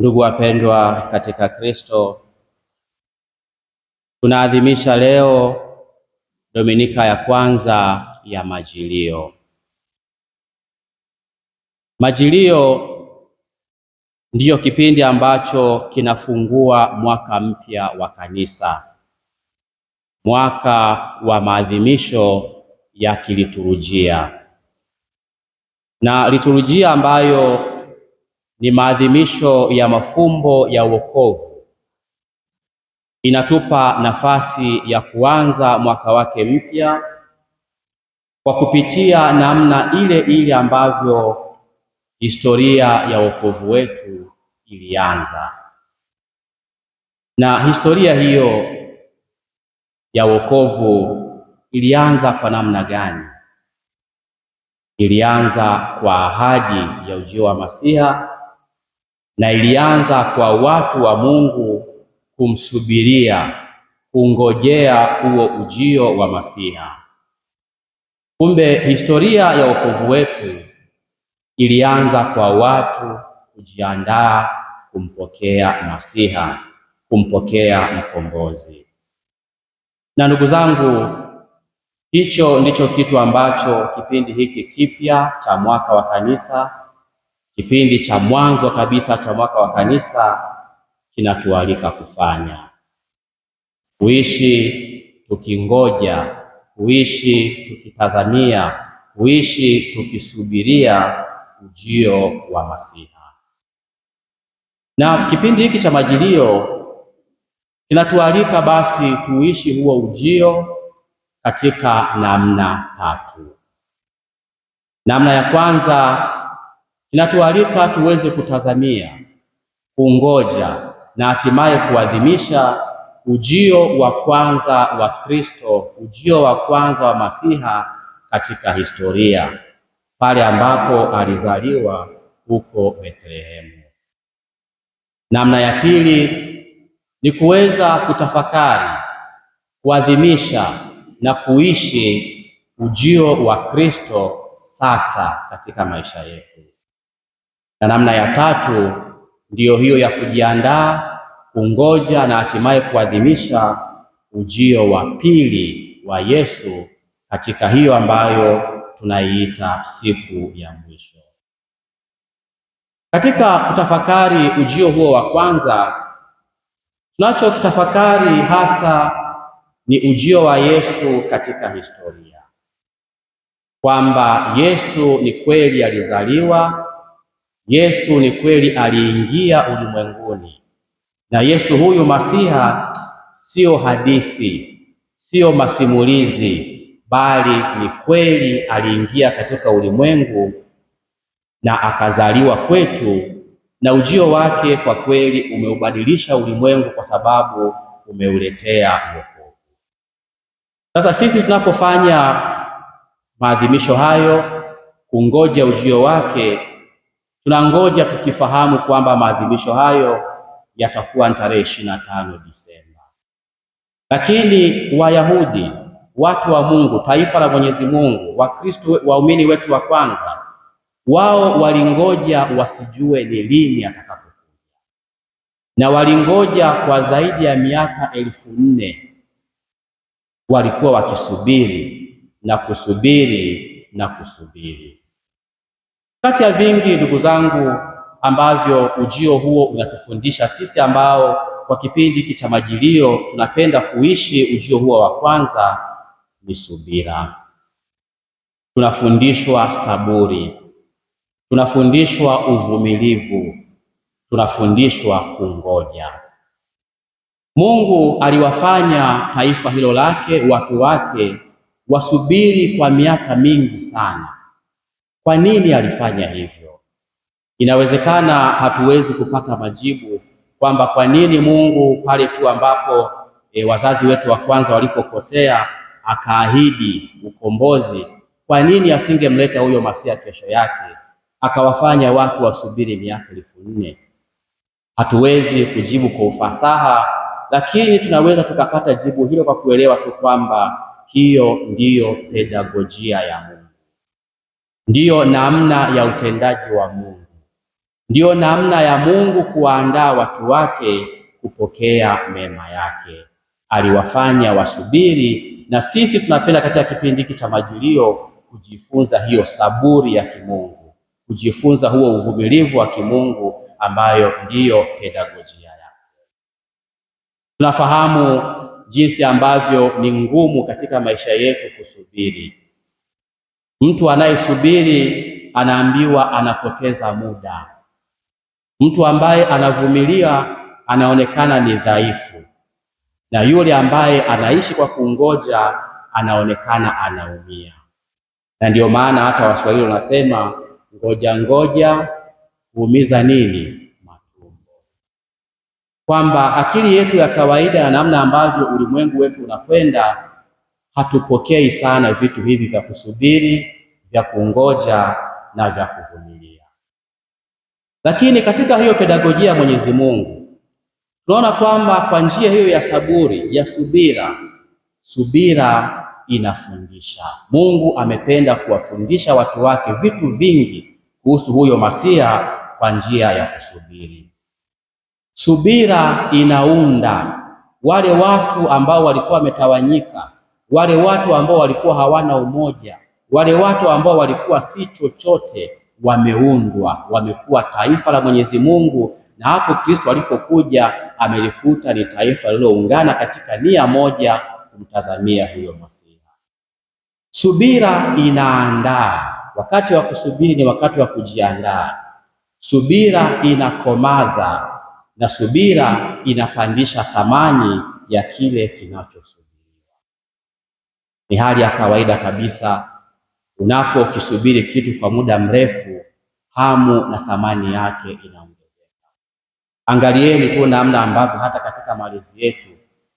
Ndugu wapendwa katika Kristo, tunaadhimisha leo Dominika ya kwanza ya Majilio. Majilio ndiyo kipindi ambacho kinafungua mwaka mpya wa kanisa, mwaka wa maadhimisho ya kiliturujia na liturujia ambayo ni maadhimisho ya mafumbo ya wokovu. Inatupa nafasi ya kuanza mwaka wake mpya kwa kupitia namna ile ile ambavyo historia ya wokovu wetu ilianza, na historia hiyo ya wokovu ilianza kwa namna gani? Ilianza kwa ahadi ya ujio wa Masiha na ilianza kwa watu wa Mungu kumsubiria, kungojea huo ujio wa Masiha. Kumbe historia ya wokovu wetu ilianza kwa watu kujiandaa kumpokea Masiha, kumpokea mkombozi. Na ndugu zangu, hicho ndicho kitu ambacho kipindi hiki kipya cha mwaka wa kanisa Kipindi cha mwanzo kabisa cha mwaka wa kanisa kinatualika kufanya kuishi tukingoja, kuishi tukitazamia, kuishi tukisubiria ujio wa Masiha. Na kipindi hiki cha majilio kinatualika basi tuishi huo ujio katika namna tatu. Namna ya kwanza kinatualika tuweze kutazamia, kungoja na hatimaye kuadhimisha ujio wa kwanza wa Kristo, ujio wa kwanza wa Masiha katika historia, pale ambapo alizaliwa huko Betlehemu. Namna ya pili ni kuweza kutafakari, kuadhimisha na kuishi ujio wa Kristo sasa katika maisha yetu. Na namna ya tatu ndiyo hiyo ya kujiandaa, kungoja na hatimaye kuadhimisha ujio wa pili wa Yesu katika hiyo ambayo tunaiita siku ya mwisho. Katika kutafakari ujio huo wa kwanza, tunachokitafakari hasa ni ujio wa Yesu katika historia, kwamba Yesu ni kweli alizaliwa Yesu ni kweli aliingia ulimwenguni, na Yesu huyu Masiha sio hadithi, sio masimulizi, bali ni kweli aliingia katika ulimwengu na akazaliwa kwetu, na ujio wake kwa kweli umeubadilisha ulimwengu kwa sababu umeuletea wokovu. Sasa sisi tunapofanya maadhimisho hayo kungoja ujio wake Tunangoja tukifahamu kwamba maadhimisho hayo yatakuwa tarehe ishirini na tano Disemba. Lakini Wayahudi, watu wa Mungu, taifa la Mwenyezi Mungu, Wakristo, waumini wetu wa kwanza, wao walingoja wasijue ni lini atakapokuja, na walingoja kwa zaidi ya miaka elfu nne walikuwa wakisubiri na kusubiri na kusubiri kati ya vingi ndugu zangu ambavyo ujio huo unatufundisha sisi ambao kwa kipindi hiki cha majilio tunapenda kuishi ujio huo wa kwanza ni subira. Tunafundishwa saburi, tunafundishwa uvumilivu, tunafundishwa kungoja. Mungu aliwafanya taifa hilo lake, watu wake wasubiri kwa miaka mingi sana kwa nini alifanya hivyo? Inawezekana hatuwezi kupata majibu kwamba kwa nini Mungu pale tu ambapo e, wazazi wetu wa kwanza walipokosea akaahidi ukombozi, kwa nini asingemleta huyo masia kesho yake akawafanya watu wasubiri miaka elfu nne? Hatuwezi kujibu kwa ufasaha, lakini tunaweza tukapata jibu hilo kwa kuelewa tu kwamba hiyo ndiyo pedagojia ya Mungu ndiyo namna ya utendaji wa Mungu, ndiyo namna ya Mungu kuwaandaa watu wake kupokea mema yake. Aliwafanya wasubiri, na sisi tunapenda katika kipindi hiki cha Majilio kujifunza hiyo saburi ya kimungu, kujifunza huo uvumilivu wa kimungu ambayo ndiyo pedagojia yake. Tunafahamu jinsi ambavyo ni ngumu katika maisha yetu kusubiri Mtu anayesubiri anaambiwa anapoteza muda. Mtu ambaye anavumilia anaonekana ni dhaifu, na yule ambaye anaishi kwa kungoja anaonekana anaumia. Na ndiyo maana hata Waswahili wanasema ngoja ngoja huumiza nini? Matumbo. Kwamba akili yetu ya kawaida na namna ambavyo ulimwengu wetu unakwenda hatupokei sana vitu hivi vya kusubiri, vya kungoja na vya kuvumilia. Lakini katika hiyo pedagojia ya Mwenyezi Mungu tunaona kwamba kwa njia hiyo ya saburi, ya subira, subira inafundisha. Mungu amependa kuwafundisha watu wake vitu vingi kuhusu huyo Masia kwa njia ya kusubiri. Subira inaunda wale watu ambao walikuwa wametawanyika wale watu ambao walikuwa hawana umoja, wale watu ambao walikuwa si chochote, wameundwa, wamekuwa taifa la Mwenyezi Mungu, na hapo Kristo alipokuja amelikuta ni taifa lililoungana katika nia moja kumtazamia huyo Masiha. Subira inaandaa. Wakati wa kusubiri ni wakati wa kujiandaa. Subira inakomaza na subira inapandisha thamani ya kile kinachosubiri. Ni hali ya kawaida kabisa unapokisubiri kitu kwa muda mrefu, hamu na thamani yake inaongezeka. Angalieni tu namna ambavyo hata katika malezi yetu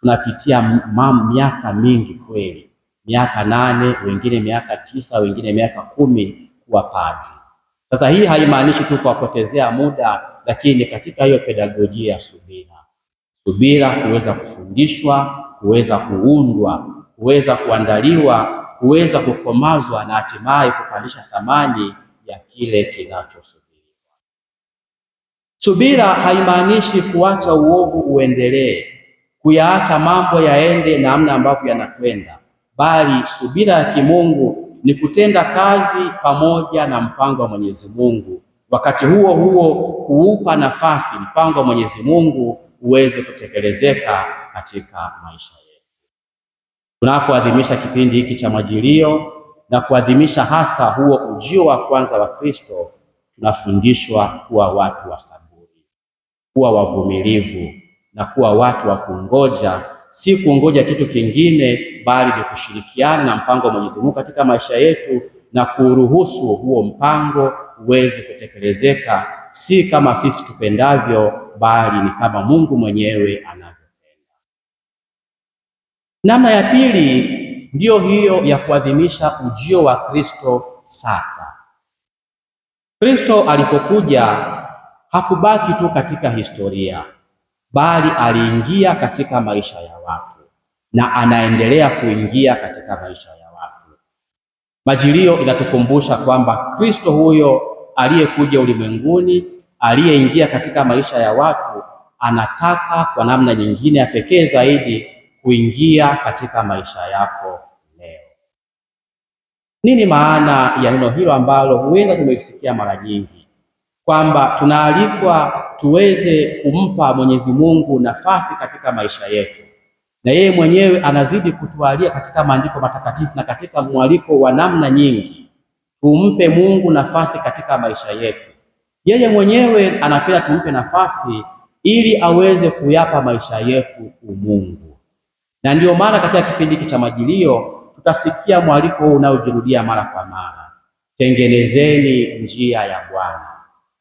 tunapitia miaka mingi kweli, miaka nane, wengine miaka tisa, wengine miaka kumi kuwa padri. Sasa hii haimaanishi tu kuwapotezea muda, lakini katika hiyo pedagojia ya subira, subira kuweza kufundishwa, kuweza kuundwa kuweza kuandaliwa, kuweza kukomazwa na hatimaye kupandisha thamani ya kile kinachosubiriwa. Subira haimaanishi kuacha uovu uendelee, kuyaacha mambo yaende namna ambavyo yanakwenda, bali subira ya kimungu ni kutenda kazi pamoja na mpango wa Mwenyezi Mungu, wakati huo huo kuupa nafasi mpango wa Mwenyezi Mungu uweze kutekelezeka katika maisha tunapoadhimisha kipindi hiki cha Majilio na kuadhimisha hasa huo ujio wa kwanza wa Kristo, tunafundishwa kuwa watu wa saburi, kuwa wavumilivu na kuwa watu wa kungoja, si kungoja kitu kingine, bali ni kushirikiana na mpango wa Mwenyezi Mungu katika maisha yetu na kuruhusu huo mpango uweze kutekelezeka, si kama sisi tupendavyo, bali ni kama Mungu mwenyewe ana Namna ya pili ndiyo hiyo ya kuadhimisha ujio wa Kristo. Sasa Kristo alipokuja hakubaki tu katika historia, bali aliingia katika maisha ya watu na anaendelea kuingia katika maisha ya watu. Majilio inatukumbusha kwamba Kristo huyo aliyekuja ulimwenguni, aliyeingia katika maisha ya watu, anataka kwa namna nyingine ya pekee zaidi kuingia katika maisha yako leo. Nini maana ya neno hilo ambalo huenda tumelisikia mara nyingi, kwamba tunaalikwa tuweze kumpa Mwenyezi Mungu nafasi katika maisha yetu, na yeye mwenyewe anazidi kutualia katika maandiko matakatifu na katika mwaliko wa namna nyingi, tumpe Mungu nafasi katika maisha yetu. Yeye mwenyewe anapenda tumpe nafasi ili aweze kuyapa maisha yetu umungu. Na ndiyo maana katika kipindi hiki cha Majilio tutasikia mwaliko huu unaojirudia mara kwa mara: tengenezeni njia ya Bwana,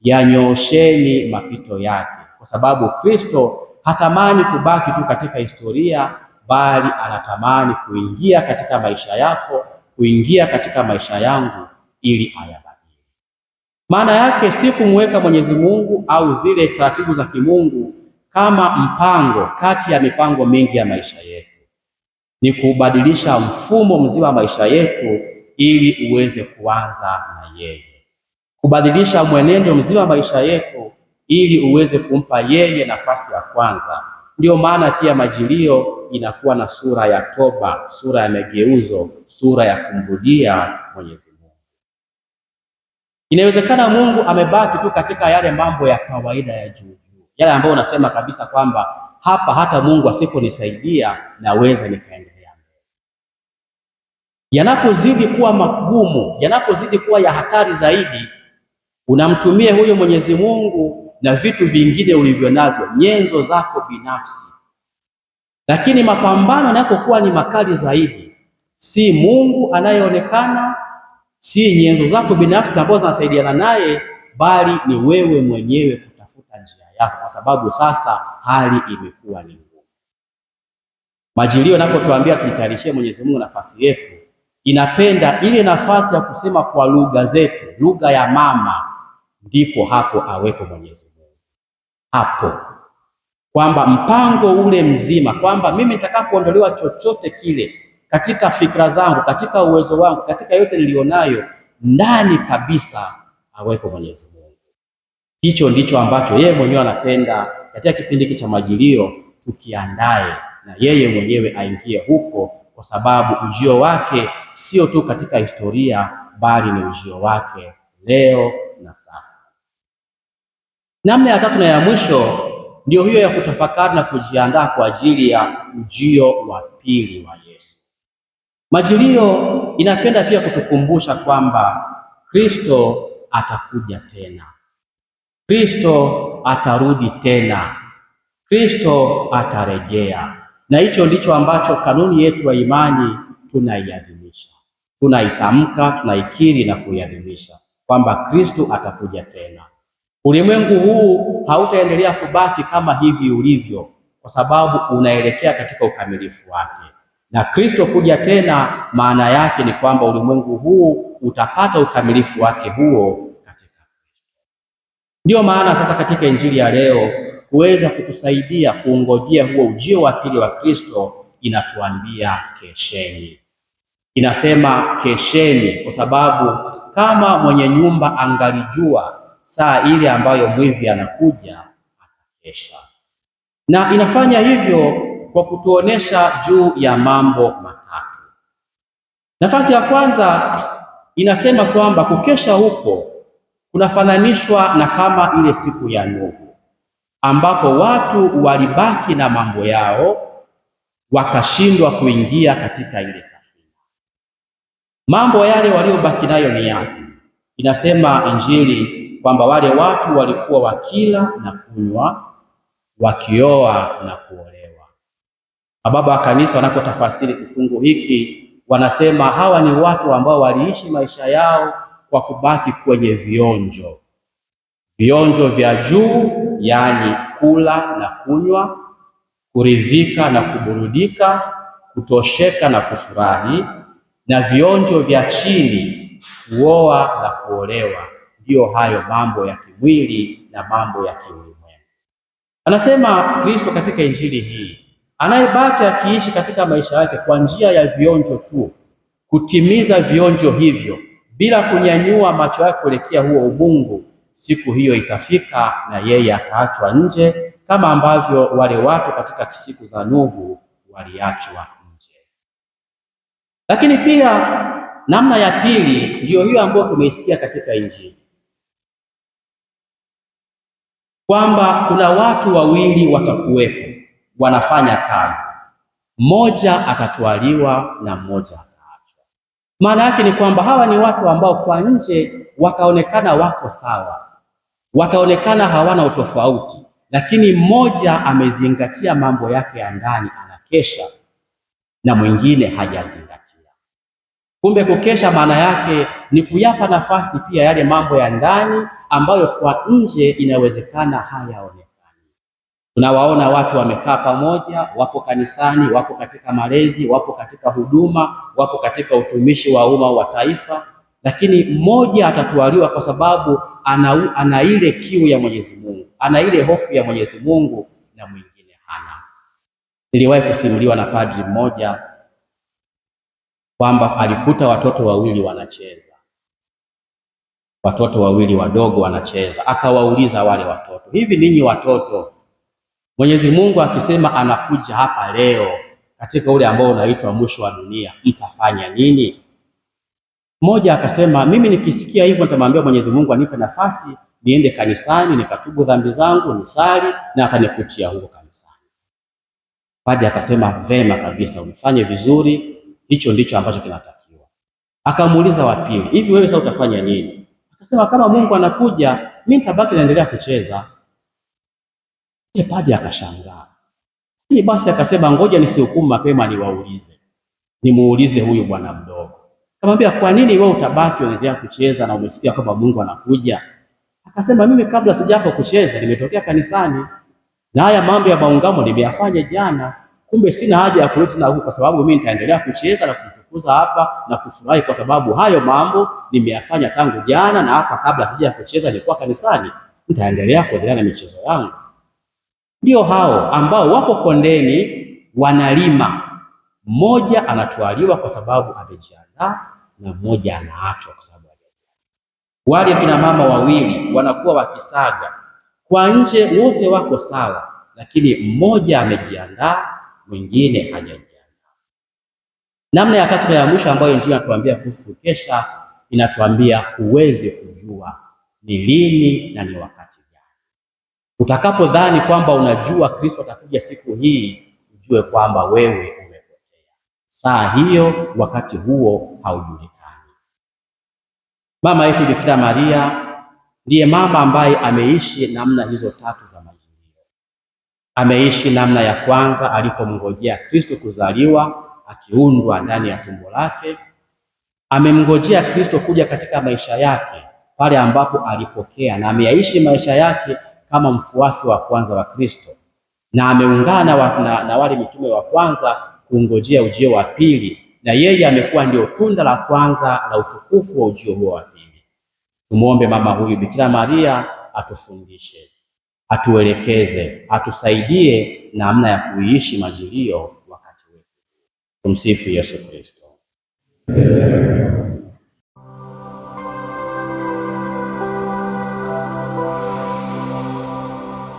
yanyoosheni mapito yake, kwa sababu Kristo hatamani kubaki tu katika historia, bali anatamani kuingia katika maisha yako, kuingia katika maisha yangu ili ayabadili. Maana yake si kumweka Mwenyezi Mungu au zile taratibu za kimungu kama mpango kati ya mipango mingi ya maisha yetu ni kubadilisha mfumo mzima wa maisha yetu ili uweze kuanza na yeye, kubadilisha mwenendo mzima wa maisha yetu ili uweze kumpa yeye nafasi ya kwanza. Ndiyo maana pia majilio inakuwa na sura ya toba, sura ya mageuzo, sura ya kumrudia Mwenyezi Mungu. Inawezekana Mungu amebaki tu katika yale mambo ya kawaida ya juu juu, yale ambayo unasema kabisa kwamba hapa hata Mungu asiponisaidia naweza nikaenda yanapozidi kuwa magumu, yanapozidi kuwa ya hatari zaidi, unamtumia huyo Mwenyezi Mungu na vitu vingine ulivyo navyo, nyenzo zako binafsi. Lakini mapambano yanapokuwa ni makali zaidi, si Mungu anayeonekana, si nyenzo zako binafsi ambazo zinasaidiana naye, bali ni wewe mwenyewe kutafuta njia yako, kwa sababu sasa hali imekuwa ni ngumu. Majilio anapotuambia tumtayarishie Mwenyezi Mungu nafasi yetu inapenda ile nafasi ya kusema kwa lugha zetu, lugha ya mama, ndipo hapo awepo Mwenyezi Mungu hapo, kwamba mpango ule mzima, kwamba mimi nitakapoondolewa chochote kile katika fikra zangu, katika uwezo wangu, katika yote nilionayo, ndani kabisa awepo Mwenyezi Mungu. Hicho ndicho ambacho yeye mwenyewe anapenda katika kipindi hiki cha Majilio tukiandae na yeye mwenyewe aingie huko kwa sababu ujio wake sio tu katika historia, bali ni ujio wake leo na sasa. Namna ya tatu na ya mwisho ndio hiyo ya kutafakari na kujiandaa kwa ajili ya ujio wa pili wa Yesu. Majilio inapenda pia kutukumbusha kwamba Kristo atakuja tena, Kristo atarudi tena, Kristo atarejea na hicho ndicho ambacho kanuni yetu ya imani tunaiadhimisha, tunaitamka, tunaikiri na kuiadhimisha kwamba Kristo atakuja tena. Ulimwengu huu hautaendelea kubaki kama hivi ulivyo, kwa sababu unaelekea katika ukamilifu wake, na Kristo kuja tena maana yake ni kwamba ulimwengu huu utapata ukamilifu wake huo katika Kristo. Ndiyo maana sasa katika injili ya leo kuweza kutusaidia kuungojea huo ujio wa pili wa Kristo, inatuambia kesheni. Inasema kesheni, kwa sababu kama mwenye nyumba angalijua saa ile ambayo mwivi anakuja, atakesha. Na inafanya hivyo kwa kutuonesha juu ya mambo matatu. Nafasi ya kwanza inasema kwamba kukesha huko kunafananishwa na kama ile siku ya Nuhu ambapo watu walibaki na mambo yao wakashindwa kuingia katika ile safina. Mambo yale waliobaki nayo ni yapi? Inasema Injili kwamba wale watu walikuwa wakila na kunywa, wakioa na kuolewa. Mababa wa kanisa wanapotafasiri kifungu hiki wanasema hawa ni watu ambao waliishi maisha yao kwa kubaki kwenye vionjo, vionjo vya juu yaani kula na kunywa, kuridhika na kuburudika, kutosheka na kufurahi, na vionjo vya chini, kuoa na kuolewa. Ndiyo hayo mambo ya kimwili na mambo ya kiulimwengu. Anasema Kristo katika injili hii, anayebaki akiishi katika maisha yake kwa njia ya vionjo tu, kutimiza vionjo hivyo bila kunyanyua macho yake kuelekea huo ubungu siku hiyo itafika na yeye ataachwa nje kama ambavyo wale watu katika siku za Nuhu waliachwa nje. Lakini pia namna ya pili ndiyo hiyo ambayo tumeisikia katika Injili kwamba kuna watu wawili watakuwepo wanafanya kazi, mmoja atatwaliwa na mmoja ataachwa. Maana yake ni kwamba hawa ni watu ambao kwa nje wakaonekana wako sawa, wakaonekana hawana utofauti, lakini mmoja amezingatia mambo yake ya ndani, anakesha na mwingine hajazingatia. Kumbe kukesha maana yake ni kuyapa nafasi pia yale mambo ya ndani ambayo kwa nje inawezekana hayaonekani. Tunawaona watu wamekaa pamoja, wapo kanisani, wapo katika malezi, wapo katika huduma, wapo katika utumishi wa umma wa taifa, lakini mmoja atatwaliwa kwa sababu ana, ana ile kiu ya Mwenyezi Mungu, ana ile hofu ya Mwenyezi Mungu na mwingine hana. Niliwahi kusimuliwa na padri mmoja kwamba alikuta watoto wawili wanacheza, watoto wawili wadogo wanacheza. Akawauliza wale watoto, hivi ninyi watoto, Mwenyezi Mungu akisema anakuja hapa leo katika ule ambao unaitwa mwisho wa dunia, mtafanya nini? Mmoja akasema mimi nikisikia hivyo nitamwambia Mwenyezi Mungu anipe nafasi niende kanisani nikatubu dhambi zangu nisali na atanikutia huko kanisani. Padre akasema vema kabisa, umefanye vizuri, hicho ndicho ambacho kinatakiwa. Akamuuliza wa pili, hivi wewe sasa utafanya nini? Akasema kama Mungu anakuja, mimi nitabaki naendelea kucheza. Ye, padre akashangaa. Ni basi akasema ngoja nisihukumu mapema, niwaulize, nimuulize huyu bwana mdogo Akamwambia, kwa nini wewe utabaki unaendelea kucheza na umesikia kwamba Mungu anakuja? Akasema, mimi kabla sijapo kucheza nimetokea kanisani na haya mambo ya maungamo nimeyafanya jana, kumbe sina haja ya kuleta na huko, kwa sababu mimi nitaendelea kucheza na kutukuza hapa na kufurahi, kwa sababu hayo mambo nimeyafanya tangu jana, na hapa kabla sija kucheza nilikuwa kanisani, nitaendelea kuendelea na michezo yangu. Ndio hao ambao wako kondeni wanalima, mmoja anatwaliwa kwa sababu amejiandaa na mmoja anaachwa kwa sababu wale kina mama wawili wanakuwa wakisaga kwa nje, wote wako sawa, lakini mmoja amejiandaa, mwingine hajajiandaa. Namna ya tatu na ya mwisho ambayo ndio inatuambia kuhusu kukesha, inatuambia huwezi kujua ni lini na ni wakati gani. Utakapodhani kwamba unajua Kristo atakuja siku hii, ujue kwamba wewe umepotea. Saa hiyo, wakati huo haujulikani. Mama yetu Bikira Maria ndiye mama ambaye ameishi namna hizo tatu za majilio. Ameishi namna ya kwanza alipomngojea Kristo kuzaliwa akiundwa ndani ya tumbo lake. Amemngojea Kristo kuja katika maisha yake pale ambapo alipokea, na ameyaishi maisha yake kama mfuasi wa kwanza wa Kristo, na ameungana wa, na, na wale mitume wa kwanza kungojea ujio wa pili, na yeye amekuwa ndio tunda la kwanza la utukufu wa ujio huo. Tumuombe mama huyu Bikira Maria atufundishe, atuelekeze, atusaidie namna ya kuiishi majilio wakati wetu. Tumsifu Yesu Kristo.